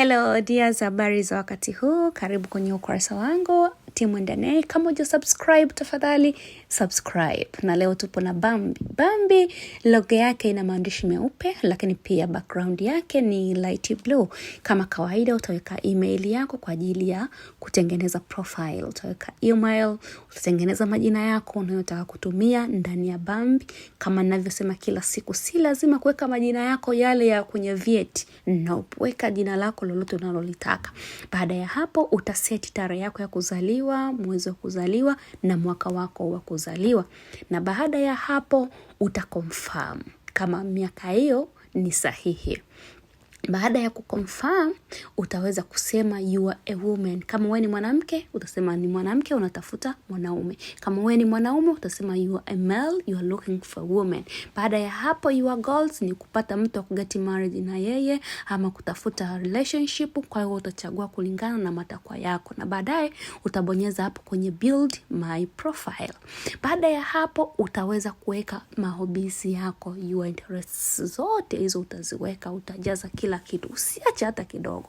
Hello dears, habari za wakati huu, karibu kwenye ukurasa wangu timu ndani. Kama uja subscribe, tafadhali subscribe. Na leo tupo na Bambi. Bambi logo yake ina maandishi meupe, lakini pia background yake ni light blue. Kama kawaida, utaweka email yako kwa ajili ya kutengeneza profile. Utaweka email, utatengeneza majina yako unayotaka kutumia ndani ya Bambi. Kama ninavyosema kila siku, si lazima kuweka majina yako yale ya kwenye vyeti. Nope, weka jina lako lolote unalolitaka. Baada ya hapo, utaseti tarehe yako ya kuzaliwa kuzaliwa, mwezi wa kuzaliwa na mwaka wako wa kuzaliwa, na baada ya hapo utakonfirm kama miaka hiyo ni sahihi. Baada ya kuconfirm utaweza kusema you are a woman. Kama wewe ni mwanamke utasema ni mwanamke unatafuta mwanaume. Kama wewe ni mwanaume utasema you are a male, you are looking for a woman. Baada ya hapo, your goals ni kupata mtu wa kugeti married na yeye ama kutafuta relationship. Kwa hiyo utachagua kulingana na matakwa yako, na baadaye utabonyeza hapo kwenye build my profile. Baada ya hapo, utaweza kuweka mahobisi yako, your interests zote hizo utaziweka, utajaza kila kila kitu, usiache hata kidogo.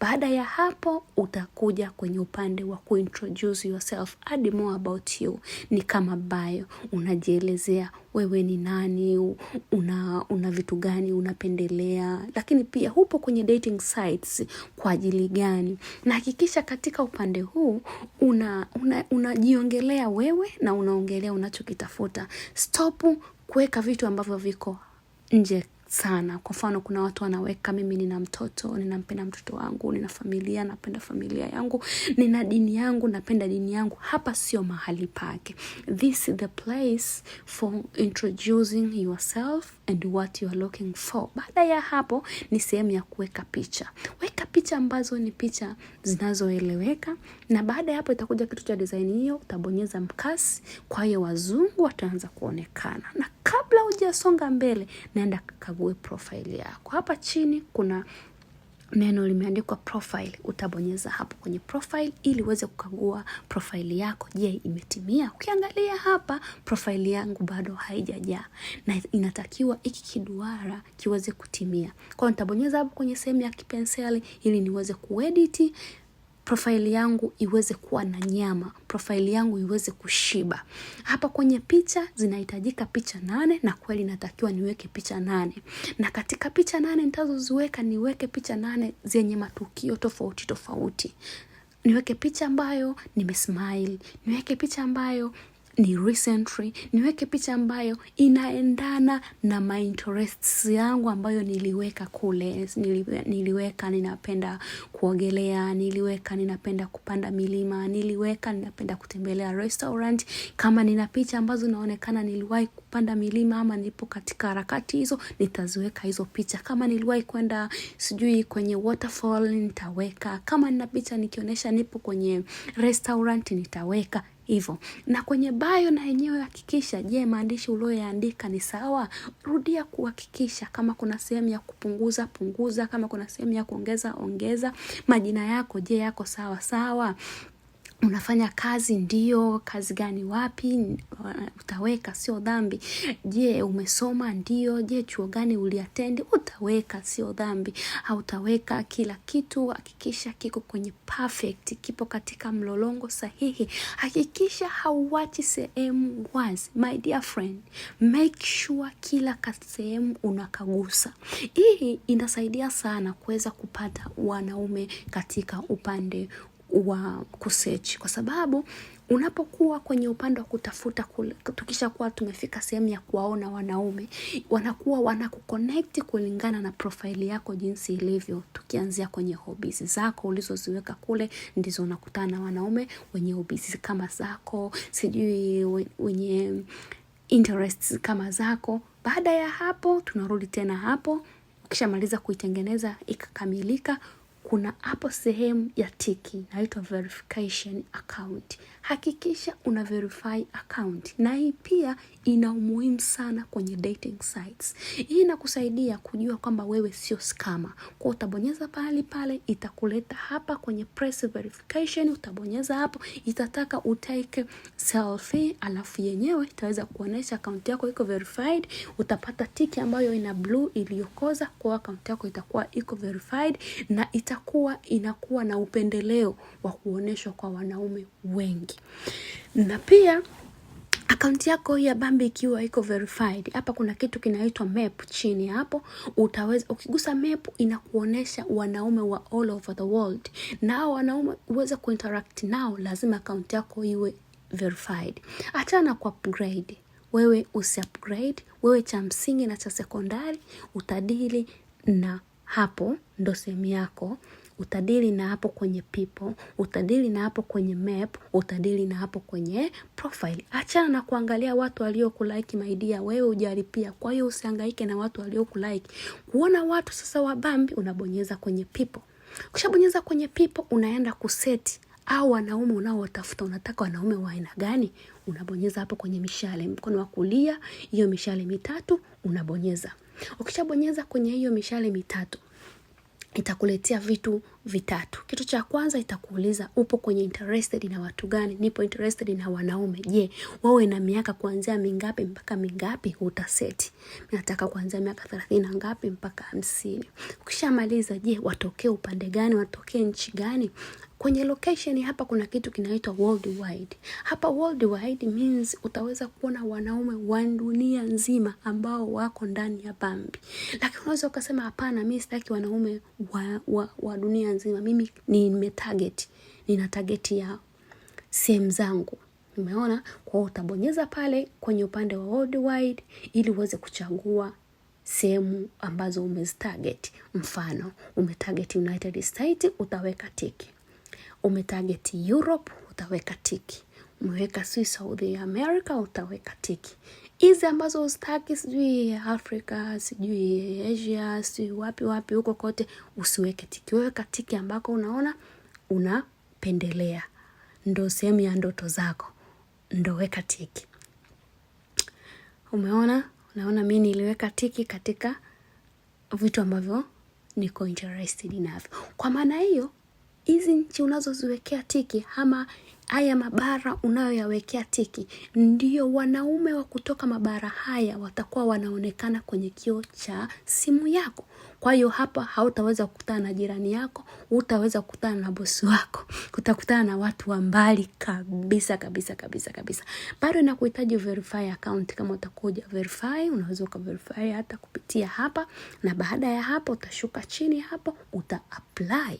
Baada ya hapo, utakuja kwenye upande wa kuintroduce yourself, add more about you. Ni kama bio, unajielezea wewe ni nani, una una vitu gani unapendelea, lakini pia hupo kwenye dating sites kwa ajili gani, na hakikisha katika upande huu unajiongelea una, una wewe na unaongelea unachokitafuta. Stop kuweka vitu ambavyo viko nje sana. Kwa mfano, kuna watu wanaweka mimi nina mtoto, ninampenda mtoto wangu, nina familia, napenda familia yangu, nina dini yangu, napenda dini yangu. Hapa sio mahali pake. This is the place for introducing yourself and what you are looking for. Baada ya hapo ni sehemu ya kuweka picha. Weka picha ambazo ni picha zinazoeleweka, na baada ya hapo itakuja kitu cha design hiyo, utabonyeza mkasi, kwa hiyo wazungu wataanza kuonekana. Na kabla hujasonga mbele, naenda uchague profile yako. Hapa chini kuna neno limeandikwa profile. Utabonyeza hapo kwenye profile ili uweze kukagua profile yako, je, imetimia? Ukiangalia hapa profile yangu bado haijajaa na inatakiwa hiki kiduara kiweze kutimia. Kwa hiyo nitabonyeza hapo kwenye sehemu ya kipenseli ili niweze kuedit profaili yangu iweze kuwa na nyama, profaili yangu iweze kushiba. Hapa kwenye picha zinahitajika picha nane na kweli natakiwa niweke picha nane, na katika picha nane nitazoziweka niweke picha nane zenye matukio tofauti tofauti niweke picha ambayo nimesmile, niweke picha ambayo ni recently, niweke picha ambayo inaendana na my interests yangu ambayo niliweka kule. Niliweka ninapenda kuogelea, niliweka ninapenda kupanda milima, niliweka ninapenda kutembelea restaurant. Kama nina picha ambazo naonekana niliwahi kupanda milima ama nipo katika harakati hizo, nitaziweka hizo picha. Kama niliwahi kwenda sijui kwenye waterfall, nitaweka. Kama nina picha nikionyesha nipo kwenye restaurant, nitaweka hivyo. Na kwenye bayo na yenyewe hakikisha, je, maandishi ulioyaandika ni sawa? Rudia kuhakikisha kama kuna sehemu ya kupunguza punguza, kama kuna sehemu ya kuongeza ongeza. Majina yako je, yako sawa sawa? unafanya kazi ndio, kazi gani, wapi utaweka, sio dhambi. Je, umesoma? Ndio. Je, chuo gani uliatendi? Utaweka, sio dhambi. Hautaweka kila kitu. Hakikisha kiko kwenye perfect, kipo katika mlolongo sahihi. Hakikisha hauwachi sehemu wazi. My dear friend, make sure kila sehemu unakagusa. Hii inasaidia sana kuweza kupata wanaume katika upande wa kusearch, kwa sababu unapokuwa kwenye upande wa kutafuta kule, tukisha kuwa tumefika sehemu ya kuwaona wanaume wanakuwa wanakukonekti kulingana na profaili yako jinsi ilivyo. Tukianzia kwenye hobbies zako ulizoziweka kule, ndizo unakutana na wanaume wenye hobbies kama zako, sijui wenye interests kama zako. Baada ya hapo tunarudi tena hapo, ukishamaliza kuitengeneza ikakamilika kuna hapo sehemu ya tiki inaitwa verification account hakikisha una verify account, na hii pia ina umuhimu sana kwenye dating sites. Hii inakusaidia kujua kwamba wewe sio skama, kwa utabonyeza pahali pale, itakuleta hapa kwenye press verification, utabonyeza hapo, itataka utake selfie, alafu yenyewe itaweza kuonesha akaunti yako iko verified. Utapata tiki ambayo ina blue iliyokoza, kwa akaunti yako itakuwa iko verified na itakuwa inakuwa na upendeleo wa kuoneshwa kwa wanaume wengi na pia akaunti yako ya Bambi ikiwa iko verified, hapa kuna kitu kinaitwa map chini hapo. Utaweza ukigusa map, inakuonesha wanaume wa all over the world, na wanaume uweze kuinteract nao, lazima akaunti yako iwe verified. Achana kwa upgrade, wewe usi upgrade, wewe cha msingi na cha sekondari utadili na hapo, ndo sehemu yako utadili na hapo kwenye people, utadili na hapo kwenye map, utadili na hapo kwenye profile. Achana na kuangalia watu waliokulike my dear, wewe hujalipia, kwa hiyo usihangaike na watu waliokulike. Kuona watu sasa wabambi, unabonyeza kwenye people. Ukishabonyeza kwenye people, unaenda kuseti au wanaume unaowatafuta, unataka wanaume wa aina gani? Unabonyeza hapo kwenye mishale, mkono wa kulia, hiyo mishale mitatu unabonyeza. Ukishabonyeza kwenye hiyo mishale mitatu itakuletea vitu vitatu. Kitu cha kwanza itakuuliza upo kwenye interested na watu gani? Nipo interested na wanaume. Je, wawe na miaka kuanzia mingapi mpaka mingapi? Utaseti nataka kuanzia miaka thelathini na ngapi mpaka hamsini. Ukishamaliza, je watokee upande gani? Watokee nchi gani? Kwenye location hapa kuna kitu kinaitwa worldwide. Hapa worldwide means utaweza kuona wanaume wa dunia nzima ambao wako ndani ya Bambi, lakini unaweza ukasema hapana, mimi sitaki wanaume wa, wa, wa dunia nzima, mimi nimetarget, nina target ya sehemu zangu Umeona, kwa utabonyeza pale kwenye upande wa worldwide ili uweze kuchagua sehemu ambazo umezitarget. Mfano umetarget United state utaweka tiki umetageti Europe utaweka tiki, umeweka si saudi America utaweka tiki. Hizi ambazo ustaki sijui Afrika, sijui Asia, sijui wapi wapi, huko kote usiweke tiki. Weka tiki ambako unaona unapendelea, ndo sehemu ya ndoto zako, ndo weka tiki. Umeona, unaona mi niliweka tiki katika vitu ambavyo niko interested navyo. Kwa maana hiyo hizi nchi unazoziwekea tiki ama haya mabara unayoyawekea tiki, ndio wanaume wa kutoka mabara haya watakuwa wanaonekana kwenye kio cha simu yako. Kwa hiyo hapa hautaweza kukutana na jirani yako, utaweza kukutana na bosi wako, utakutana na watu wa mbali kabisa kabisa kabisa kabisa. Bado inakuhitaji verify account. Kama utakuja verify, unaweza ukaverify hata kupitia hapa, na baada ya hapo utashuka chini hapo uta apply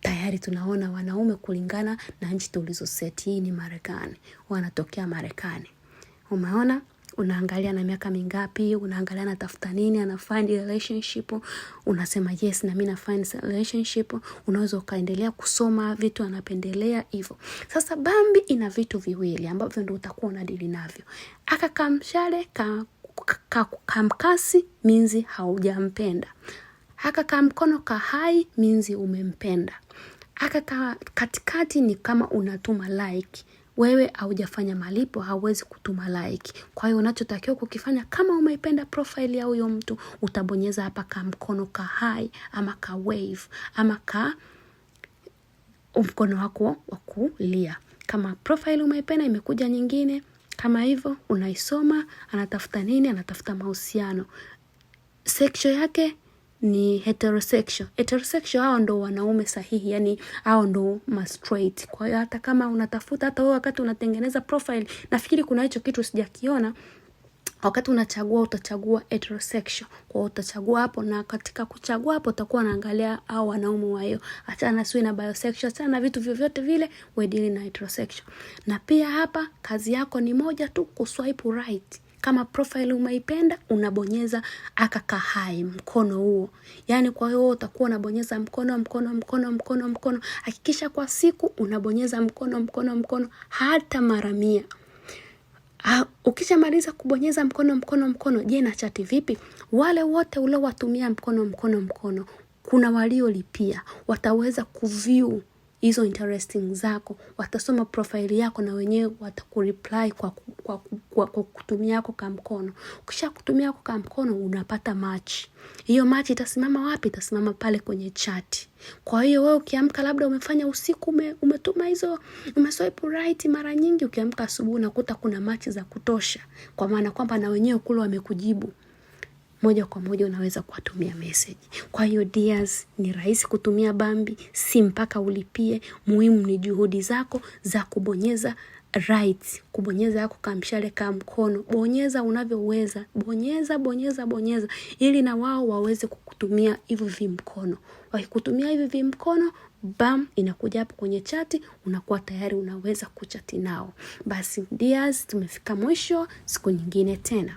tayari tunaona wanaume kulingana na nchi tulizoseti. Hii ni Marekani, wanatokea Marekani. Umeona, unaangalia na miaka mingapi, unaangalia na nini, ana find relationship, unasema yes, na mi na relationship. Unaweza ukaendelea kusoma vitu anapendelea hivyo. Sasa Bambi ina vitu viwili ambavyo ndo utakuwa unadili navyo, akakamshale ka kamkasi minzi haujampenda Haka ka mkono ka hai minzi umempenda. akakaa katikati ni kama unatuma like. Wewe haujafanya malipo, hauwezi kutuma like. Kwa hiyo unachotakiwa kukifanya, kama umeipenda profile ya huyo mtu, utabonyeza hapa ka mkono ka hai ama ka wave ama ka mkono wako wa kulia. Kama profile umeipenda, imekuja nyingine kama hivyo, unaisoma. Anatafuta nini? Anatafuta mahusiano, seksho yake ni heterosexual. Heterosexual hao ndo wanaume sahihi, yani hao ndo straight. Kwa hiyo hata kama unatafuta, hata wewe wakati unatengeneza profile, nafikiri kuna hicho kitu sijakiona wakati unachagua utachagua heterosexual, kwa utachagua hapo, na katika kuchagua hapo utakuwa unaangalia au wanaume wa hiyo, achana sio na bisexual, achana na vitu vyovyote vile, wedili na heterosexual. Na pia hapa kazi yako ni moja tu, kuswipe right kama profile umeipenda, unabonyeza akakahai mkono huo. Yaani kwa hiyo utakuwa unabonyeza mkono mkono mkono mkono mkono. Hakikisha kwa siku unabonyeza mkono mkono mkono hata mara mia. Ukishamaliza kubonyeza mkono mkono mkono, je, na chati vipi? Wale wote uliowatumia mkono mkono mkono, kuna waliolipia, wataweza kuview hizo interesting zako, watasoma profile yako na wenyewe watakureply kwa, kwa, kwa, kwa kutumia yako ka mkono. Ukisha kutumia yako ka mkono unapata match. Hiyo match itasimama wapi? Itasimama pale kwenye chat. Kwa hiyo wewe ukiamka, labda umefanya usiku ume, umetuma hizo umeswipe right mara nyingi, ukiamka asubuhi unakuta kuna match za kutosha, kwa maana kwamba na wenyewe kule wamekujibu moja kwa moja unaweza kuwatumia meseji. Kwa hiyo dears, ni rahisi kutumia Bambi, si mpaka ulipie. Muhimu ni juhudi zako za kubonyeza right, kubonyeza yako kamshale ka mkono, bonyeza unavyoweza, bonyeza bonyeza bonyeza, ili na wao waweze kukutumia hivyo vimkono. Wakikutumia hivi vimkono bam, inakuja hapo kwenye chati, unakuwa tayari unaweza kuchati nao. Basi dears, tumefika mwisho, siku nyingine tena.